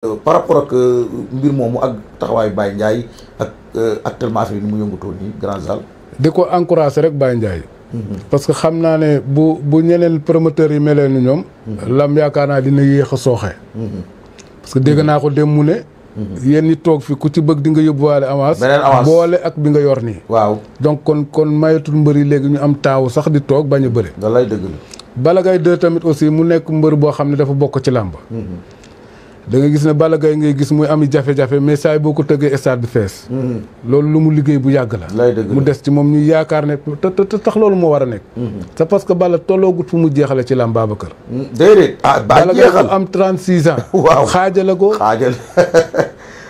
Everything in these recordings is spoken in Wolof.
Euh, par rapport ak euh, mbir moomu ak taxawaayu Baye Ndiaye ak euh, actuellement fi ni mu yëngatoo nii Grand Zal. di ko encouragé rek Baye Ndiaye. Mm-hmm. parce que xam naa ne bu bu ñeneen promoteurs yi melee ni ñoom. Mm-hmm. lam yaakaar naa dina yéex a sooxe. Mm-hmm. parce que dégg naa ko dem mu ne. yéen ñi toog fi ku ci bëgg di nga yóbbuwaale avance. boole ak bi nga yor nii. waaw donc kon kon mayatul mbër yi léegi ñu am taawu sax di toog bañ a bëri. da lay dëgg la. Balla Gaye tamit aussi mu nekk mbër boo xam ne dafa bokk ci làmb. da nga gis ne Balla Gaye ngay gis muy am jafe-jafe mais saa boo ko tëggee stade bi fees. Mhm. loolu lu mu liggéey bu yàgg la. mu des ci moom ñuy yaakaar ne te te tax loolu moo war a nekk. Mhm. c'est parce que Balla tolloogut fu mu jeexale ci làmb Babacar. Mhm. déedéet ah ba jeexal Balla Gaye waaw xaajale ko xaajal.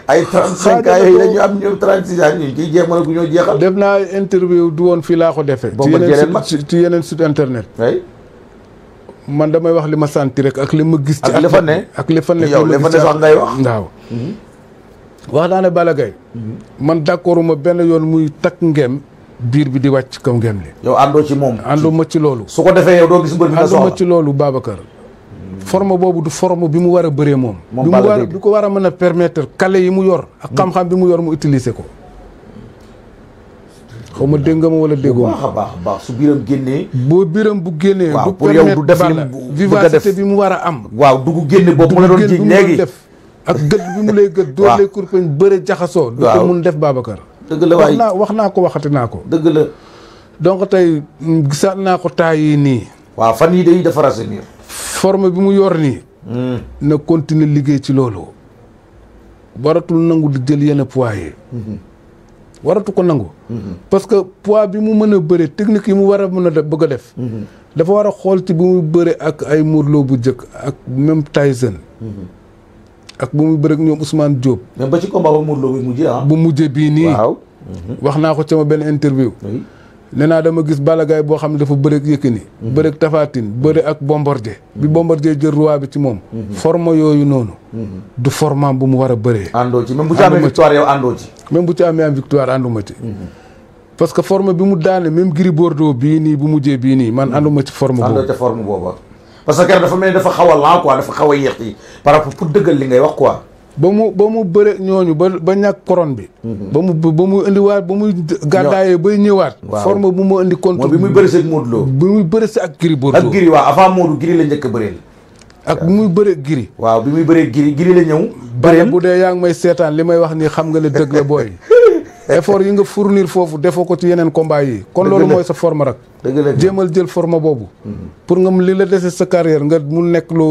ay 35 ans yooyu dañu am ñoom 36 ans ñoo jeexal. def naa interview du woon fii laa ko defee. ci yeneen ci yeneen site internet. man damay wax lima ma rek ak lima gis. ci ak li fa ne ak li fa ne yow li fa ne sax ngay wax waaw. wax naa ne Balla Gaye man d'accordu ma benn yoon muy tak ngem bir bi di wacc kaw ngem li. yow ando ci mom ando ma ci loolu. su ko defee yow do gis mbër bi nga soxla ma ci loolu babakar forme bobu du forme bi mu wara beure mom bi mu wara bi ko war a permettre kale yi mu yor. ak xam-xam bi mu yor mu utiliser ko. xaw ma dégg nga ma wala déggoo baax a baax baax su biiram génnee boo biram bu génnee waaw pour yow du def li vivacité bi mu war a am waaw dugg génne boobu mu la doon jiñ léegi def ak gëdd bi mu lay gëdd doo lay kurpeñ bëre jaxasoo du ko mun def Babacar dëgg la waay wax naa wax naa ko waxati naa ko dëgg la donc tey mm, gisaat naa ko taa yi nii waaw fan yi day dafa rasenir forme bi mu yor nii hmm. na continuer liggéey ci loolu waratul nangu di jël yenn poids yi hmm. waratu ko nangu. parce que pois bi mu mën a bëre technique yi mu war a mën a bëgg a def. dafa war a xool ci bu muy bëre ak ay Modou bu njëkk ak même Tyson. ak bu muy bëre ak ñoom Ousmane Diop. même ba ci combat ba Modou Lô bi mujjee ah. bu mujjee bii nii. waaw wax naa ko ca ma benn interview. nee naa dama gis Balla boo xam ne dafa bëreeg ni mhm. bëreeg Tapha Tine bëri ak bombor Bombardier mhm. bi Bombardier jël roi bi ci moom mhm. forme yooyu noonu du format bu mu war a bëree àndoo ci même bu ci amee victoire yow bu ci amee am victoire ànduma ci parce que forme bi mu daane même Gris Bordeaux bii nii bu mujjee bii nii man ànduma ci forme boobu àndoo ca forme boobu parce que dafa mel dafa xaw a lent dafa xaw a yéex par pour dëggal li ngay wax quoi ba mu ba mu bëre ñooñu ba ba ñàkk koron bi. Mhm. ba mu ba mu indiwaat ba muy. gàddaayee bay ñëwaat. forme bu mu indi contre bi muy bëre si ak Modou Lo. bi muy bëre ak Gris Bordeaux. ak Gris waaw avant Modou Gris la njëkk a bëreel. ak bi muy bëree Gris. waaw bi muy bëree Gris Gris la ñëw. bëreel bu dee yaa ngi may seetaan li may wax nii xam nga ne dëgg la booy. effort yi nga fournir foofu defoo ko ci yeneen combat yi kon loolu mooy sa forme rek jéemal jël form boobu pour nga li la dese sa carrière nga mu nekk lu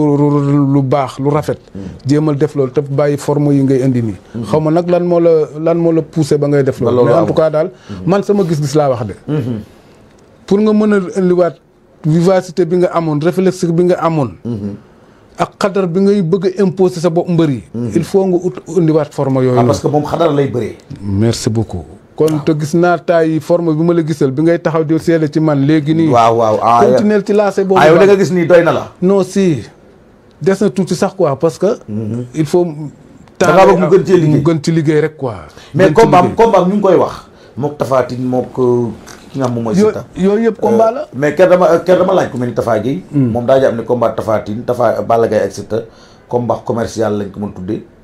lu baax lu rafet jéemal def loolu te bàyyi forme yi ngay indi nii xaw ma nag lan moo la lan moo la poussé ba ngay def loolu mais en tout cas daal man sama gis-gis laa wax de pour nga mën a indiwaat vivacité bi nga amoon réflexe bi nga amoon ak xadar bi ngay bëgg a sa bopp mbër yi. Mhm. il faut nga ut indiwaat forme yooyu. Ah, parce que moom xadar lay bëree. merci beaucoup. kon ah. te gis naa taay forme bi ma la gisal bi ngay taxaw di seede ci man léegi nii. waaw waaw ah continuer ci lancé ah, nga gis nii doy na la. non si des na sax quoi parce que. Mhm. il faut. da ngaa bëgg mu gën ci gën ci liggéey rek quoi. mais combat combat ñu ngi koy wax. mook Tapha Tine mook euh, ki nga xam moom mooy Siteu yooyu yëpp combat euh, mais ker dama ker dama laaj ku mel ni Tafa Gueye hmm. moom daa jàpp ne combat Tafa Tine Tafa Balla Gaye ak Siteu combat commercial lañ ko mën tuddee